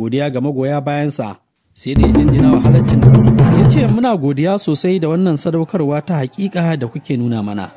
godiya ga magoya bayansa sai da ya jinjina wa halaccin ya ce muna godiya sosai da wannan sadaukarwa ta hakika da kuke nuna mana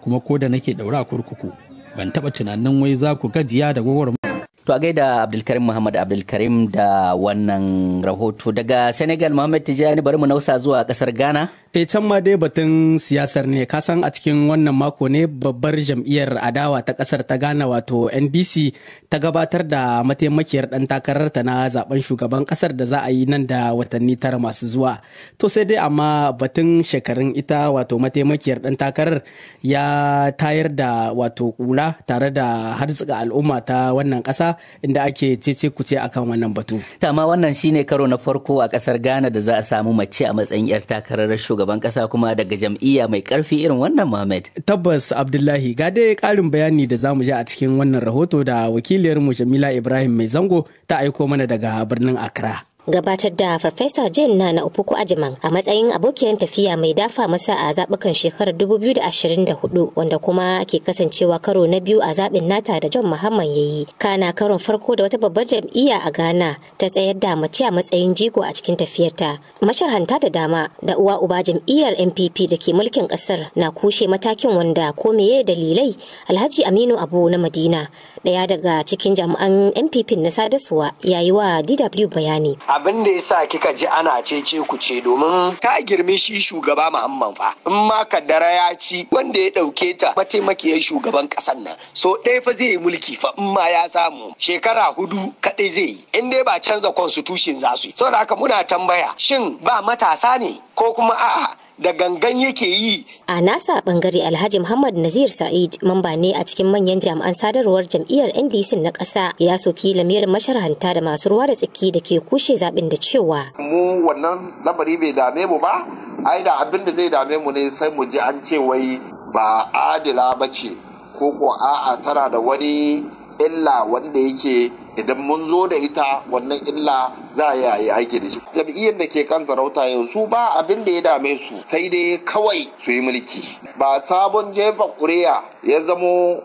kuma ko da nake daura kurkuku ban taba tunanin wai za ku gajiya da gwagwarmu To a gaida Abdulkarim Muhammad Abdulkarim da wannan rahoto daga Senegal Muhammad Tijani bari mu nausa zuwa kasar Ghana. E can ma dai batun siyasar ne kasan a cikin wannan mako ne babbar jam'iyyar adawa ta kasar ta Ghana wato NDC ta gabatar da mataimakiyar dan takararta na zaben shugaban kasar da za a yi nan da watanni tara masu zuwa. To sai dai amma batun shekarun ita wato mataimakiyar dan takarar ya tayar da wato kula tare da harzuka al'umma ta wannan kasa inda ake cece kuce akan wannan batu. Tama wannan shine karo na farko a kasar Ghana da za a samu mace a matsayin 'yar takarar shugaban kasa kuma daga jam'iyya mai karfi irin wannan Mohammed. Tabbas Abdullahi ga dai karin bayani da zamu ji a cikin wannan rahoto da wakiliyar mu Jamila Ibrahim Mai Zango ta aiko mana daga birnin Accra. gabatar da farfesa jane na na upuku ajiman a matsayin abokiyar tafiya mai dafa masa a zabukan shekarar 2024 wanda kuma ke kasancewa karo na biyu a zabin nata da john muhammad ya yi kana karon farko da wata babbar jam'iyya a ghana ta tsayar da mace a matsayin jigo a cikin tafiyarta hanta da dama da uwa uba jam'iyyar npp da ke mulkin ƙasar na kushe matakin wanda ko meye dalilai alhaji aminu abu na madina Daya daga cikin jami'an MPP na sadasuwa ya yi wa DW bayani. Abin da yasa kika ji ana cece ku ce domin ta girme shi shugaba Muhammad fa. In ma kaddara ya ci wanda ya dauke ta mataimakiyar shugaban kasar nan. So ɗaya fa zai yi mulki fa in ma ya samu shekara hudu kaɗai zai yi. In dai ba canza constitution za su yi. Saboda haka muna tambaya shin ba matasa ne ko kuma a'a da gangan yake yi. A nasa bangare Alhaji Muhammad Nazir Sa'id mamba ne a cikin manyan jami'an sadarwar jam'iyyar NDC na ƙasa ya soki lamirin masharhanta da masu ruwa da tsaki da ke kushe zaɓin da cewa. Mu wannan lamari bai dame mu ba, ai da abin da zai dame mu ne sai mu ji an ce wai ba adila ba ce ko ko a'a tana da wani illa wanda yake idan mun zo da ita wannan illa za a yi aiki da shi jam'iyyar da ke kan sarauta yanzu ba abin da ya dame su sai dai kawai su yi mulki ba sabon jefa ƙuri'a ya zamo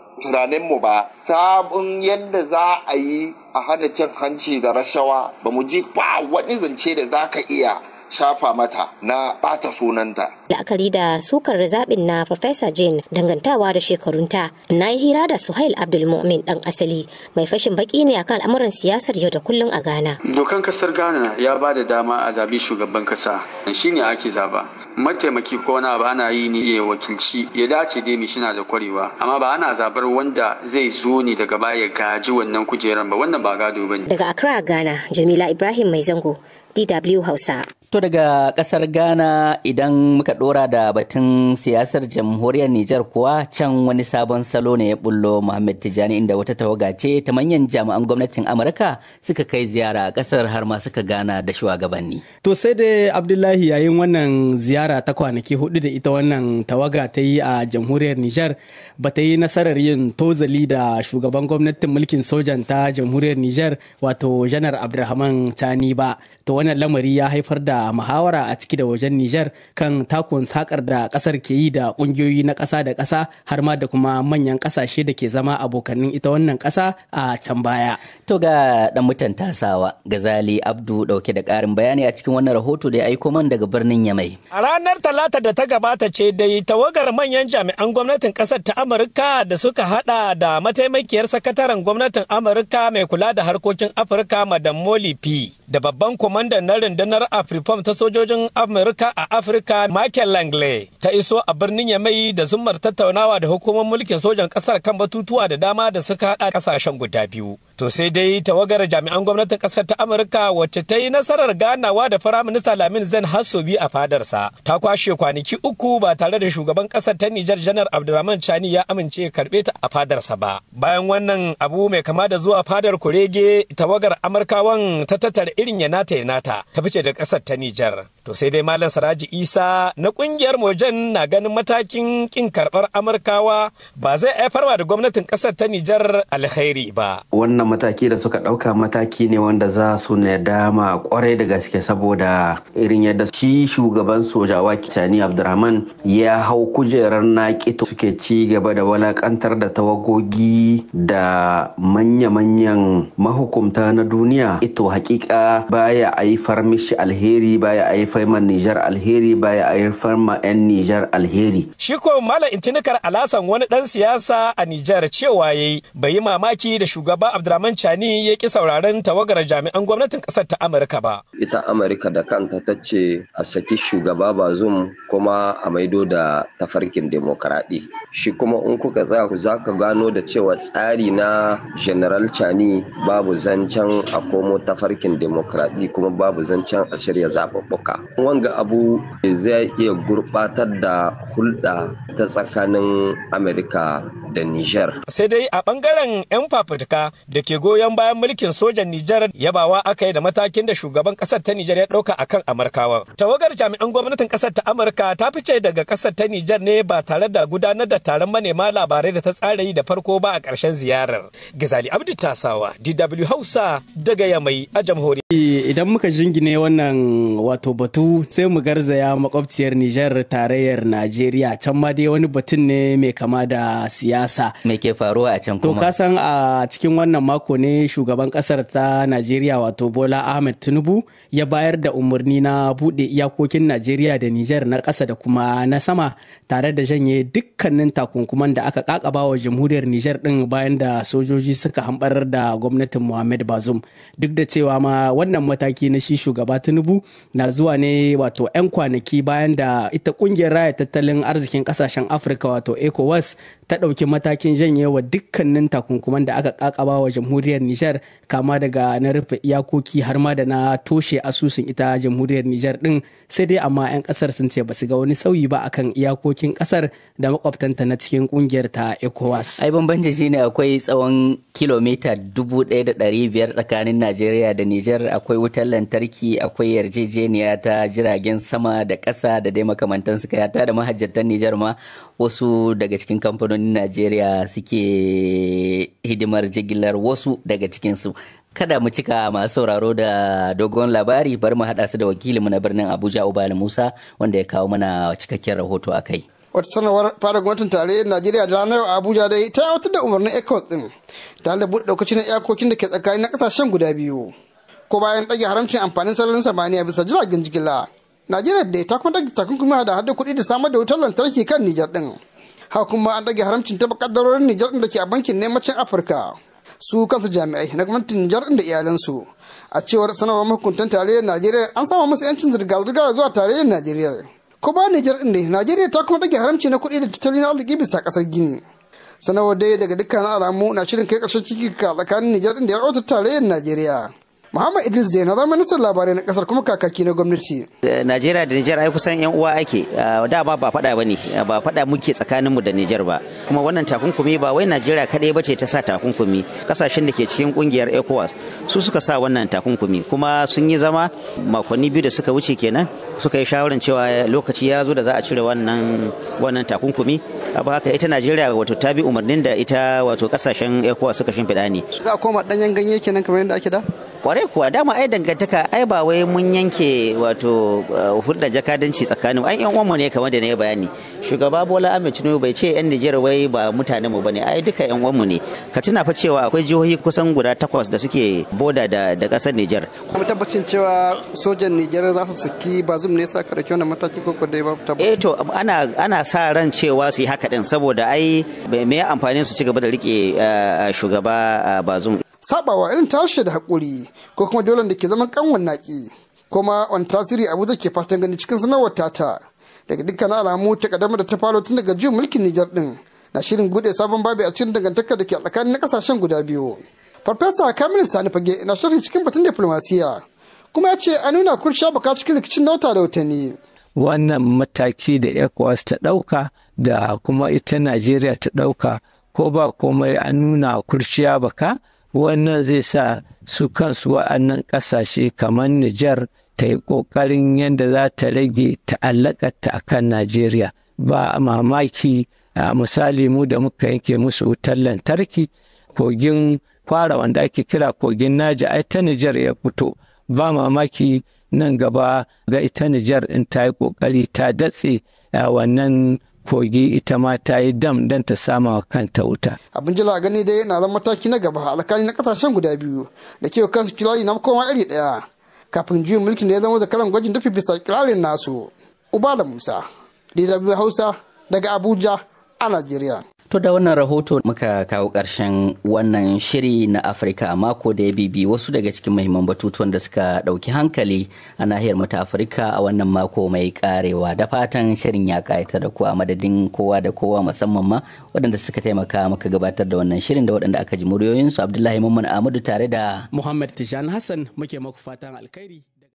mu ba sabon yadda za a yi a hana cin hanci da rashawa ba mu ji ba wani zance da za ka iya shafa mata na bata sunanta. La'akari da sukar zaɓin na Farfesa Jane dangantawa da shekarunta na yi hira da Suhail Abdulmumin ɗan asali mai fashin baki ne akan al'amuran siyasar yau da kullum a Ghana. Dokan kasar Ghana ya ba da dama a zabi shugaban kasa shi ne ake zaba. Mataimaki ko wani abu ana yi ne ya wakilci ya dace dai shina da kwarewa amma ba ana zabar wanda zai zo ne daga baya gaji wannan kujeran ba wannan ba gado ba ne. Daga Accra Ghana Jamila Ibrahim Mai Zango DW Hausa. To daga kasar Ghana idan muka dora da batun siyasar jamhuriyar Nijar kuwa can wani sabon salo ne ya bullo Muhammad Tijani inda wata tawaga ce ta manyan jami'an gwamnatin Amurka suka kai ziyara a kasar har ma suka gana da shugabanni. To sai dai Abdullahi yayin wannan ziyara ta kwanaki hudu da ita wannan tawaga ta yi a jamhuriyar Nijar ba ta yi nasarar yin tozali da shugaban gwamnatin mulkin sojan ta jamhuriyar Nijar wato Janar Abdulrahman Tani ba. To wannan lamari ya haifar da a muhawara a ciki da wajen Nijar kan takun sakar da kasar ke yi da kungiyoyi na kasa da kasa har ma da kuma manyan kasashe da ke zama abokanin ita wannan kasa a can baya. To ga dan mutan tasawa Gazali Abdu dauke da karin bayani a cikin wannan rahoto da ya aiko man daga birnin Yamai. A ranar Talata da ta gabata ce dai tawagar manyan jami'an gwamnatin kasar ta Amurka da suka hada da mataimakiyar sakataren gwamnatin Amurka mai kula da harkokin Afirka Madam p da babban kwamandan na rundunar Afri fam ta sojojin Amurka a Afirka Michael Langley ta iso a birnin Yamai da zumar tattaunawa da hukumar mulkin sojan kasar kan batutuwa da dama da suka haɗa ƙasashen guda biyu. To sai dai tawagar jami'an gwamnatin ƙasar ta Amurka wacce ta yi nasarar ganawa da Firaminista Lamin zan Hassobi a fadarsa ta kwashe kwanaki uku ba tare da shugaban ƙasar ta Nijar Janar Abdulrahman Chani ya amince karɓe ta a fadarsa ba. Bayan wannan abu mai kama da zuwa fadar kurege tawagar Amurkawan ta tattara irin yanata yanata ta fice da ƙasar ta Nijar. To sai dai Malam Saraji Isa na ƙungiyar Mojan na ganin matakin kin karbar Amurkawa ba zai haifarwa da gwamnatin ƙasar ta Nijar alkhairi ba. mataki da suka ɗauka mataki ne wanda za su nadama kwarai da gaske saboda irin yadda shi shugaban sojawa Chani Abdurrahman ya hau kujerar naƙi suke ci gaba da walakantar da tawagogi da manya-manyan mahukumta na duniya ito hakika baya aifar mishi alheri baya aifar ma Nijar alheri baya aifar ma 'yan Nijar alheri. Shi ko Intinikar Alasan wani dan siyasa a Nijar cewa yayi bai yi mamaki da shugaba Abdurrahman Abdulrahman Chani ya ki sauraron tawagar jami'an gwamnatin ƙasar ta Amurka ba. Ita Amurka da kanta ta ce a saki shugaba ba Bazum kuma a maido da tafarkin demokradi. Shi kuma in kuka tsaya za ka gano da cewa tsari na General Chani babu zancen a komo tafarkin demokradi kuma babu zancen a shirya zaɓuɓɓuka. Wanga abu zai iya gurɓatar da hulɗa ta tsakanin Amurka da Nijar. Sai dai a ɓangaren 'yan fafutuka da ke goyon bayan mulkin sojan Nijar yabawa aka yi da matakin da shugaban kasar ta Nijar ya ɗauka kan Amurkawa. Tawagar jami'an gwamnatin kasar ta Amurka ta fice daga kasar ta Nijar ne ba tare da gudanar da taron manema labarai da ta tsara yi da farko ba a ƙarshen ziyarar. Gizali abdul Tasawa, DW Hausa daga Yamai a jamhuriyar. idan muka jingine wannan wato batu sai mu garzaya makwabciyar Nijar tarayyar Najeriya can ma dai wani batun ne mai kama da siyasa. Me ke faruwa a can kuma? To kasan a cikin wannan mako ne shugaban kasar ta Najeriya wato Bola Ahmed Tinubu ya bayar da umarni na buɗe iyakokin Najeriya da Nijar na ƙasa da kuma na sama tare da janye dukkanin takunkuman da aka kakaba wa jamhuriyar Nijar ɗin bayan da sojoji suka hambarar da gwamnatin Muhammad Bazoum duk da cewa ma wannan mataki na shi shugaba tinubu na zuwa ne wato 'yan kwanaki bayan da ita kungiyar raya tattalin arzikin kasashen afirka wato ecowas ta ɗauki matakin janye wa dukkanin takunkuman da aka kakaba wa jamhuriyar nijar kama daga na rufe iyakoki har ma da na toshe asusun ita jamhuriyar nijar din sai dai amma 'yan kasar sun ce basu ga wani sauyi ba akan iyakokin kasar da makwabtanta na cikin kungiyar ta ecowas ai bambanci shine akwai tsawon kilomita 1500 tsakanin najeriya da nijar akwai wutar lantarki akwai yarjejeniya ta jiragen sama da ƙasa da dai makamantan suka yata da mahajjatan Nijar ma wasu daga cikin kamfanonin Najeriya suke hidimar jigilar wasu daga cikinsu. Kada mu cika masu sauraro da dogon labari bari mu haɗa su da wakilinmu na birnin Abuja Ubali Musa wanda ya kawo mana cikakken rahoto a kai. wata sanarwar fara gwamnatin tarayyar najeriya da ranar abuja dai ta aiwatar da umarnin ECOWAS din tare da buɗe ɗaukacin iyakokin da ke tsakanin na ƙasashen guda biyu ko bayan ɗage haramcin amfanin sararin samaniya bisa jiragen jigila najeriya da ta kuma ɗage takunkumi da hada kuɗi da samar da wutar lantarki kan nijar ɗin haka kuma an ɗage haramcin taɓa ƙaddarorin nijar ɗin da ke a bankin nemacin afirka su kansu jami'ai na gwamnatin nijar ɗin da iyalansu a cewar sanarwar mahukuntan tarayyar najeriya an sama musu yancin zirga-zirga zuwa tarayyar najeriya ko ba nijar ɗin da najeriya ta kuma ɗage haramci na kuɗi da tattalin arziki bisa ƙasar gini sanarwar dai daga dukkan alamu na shirin kai ƙarshen ciki tsakanin nijar ɗin da yar tarayyar najeriya Muhammad Idris Zaina zama ministan labarai na kasar kuma kakaki na gwamnati. Najeriya da Nijar ai kusan yan uwa ake. Dama ba faɗa bane, ba faɗa muke tsakanin mu da Nijar ba. Kuma wannan takunkumi ba wai Najeriya kaɗai bace ta sa takunkumi. Kasashen da ke cikin kungiyar ECOWAS su suka sa wannan takunkumi kuma sun yi zama makonni biyu da suka wuce kenan suka yi shawaran cewa lokaci ya zo da za a cire wannan wannan takunkumi. Abu haka ita Najeriya wato ta bi umarnin da ita wato kasashen ECOWAS suka shimfiɗa ne. Za a koma ɗanyen ganye kenan kamar yadda ake da? kwarai kuwa dama ai dangantaka ai ba wai mun yanke wato eh, hulɗa jakadanci tsakanin ai yan uwanmu ne kamar da na yi bayani shugaba bola ahmed tinubu bai ce yan nijar wai ba mutanen mu bane ai duka yan uwanmu ne ka tuna fa cewa akwai jihohi kusan guda takwas da suke boda da ƙasar nijar kuma tabbacin cewa sojan nijar za su saki bazum ne sa karake wannan mataki ko dai ba tabbacin eh to ana ana sa ran cewa su yi haka din saboda ai me amfanin su ci gaba da rike eh, shugaba eh, bazum sabawa irin tashi da haƙuri ko kuma dole da ke zaman kanwan naƙi kuma wani tasiri abuja ke fatan gani cikin sanarwar tata daga dukkan alamu ta kadama da ta faro tun daga juyin mulkin nijar din na shirin gude sabon babi a cikin dangantaka da ke tsakanin na kasashen guda biyu farfesa kamilu sani fage na shirin cikin batun diplomasiya kuma ya ce a nuna kun baka cikin rikicin nauta da watanni wannan mataki da ecowas ta ɗauka da kuma ita najeriya ta ɗauka ko ba komai an nuna kurciya baka wannan zai sa su kansu wa'annan ƙasashe kamar Nijar ta yi ƙoƙarin yadda za ta rage ta'allakarta a kan Najeriya ba mamaki a misali mu da muka yanke musu wutar lantarki kogin fara wanda ake kira kogin Naja ai ta Nijar ya fito ba mamaki nan gaba ga ita Nijar in ta yi ƙoƙari ta datse a wannan kogi ita ma ta yi dam don ta sama wa kanta wuta. Abin jila gani dai yana zama mataki na gaba tsakanin na kasashen guda biyu da ke kansu kirari na makoma iri ɗaya kafin juyin mulkin da ya zama zakaran gwajin dafi bisa kirarin nasu. Uba da Musa, DW Hausa daga Abuja a Najeriya. To da wannan rahoto muka kawo ƙarshen wannan shiri na Afirka a mako da ya bibi wasu daga cikin mahimman batutuwan da suka ɗauki hankali a nahiyar mata ta Afirka a wannan mako mai ƙarewa da fatan shirin ya ƙayata da ku madadin kowa da kowa musamman ma waɗanda suka taimaka muka gabatar da wannan shirin da waɗanda aka ji muryoyinsu Abdullahi Mamman Ahmadu tare da Muhammad Tijan Hassan muke muku fatan alkhairi.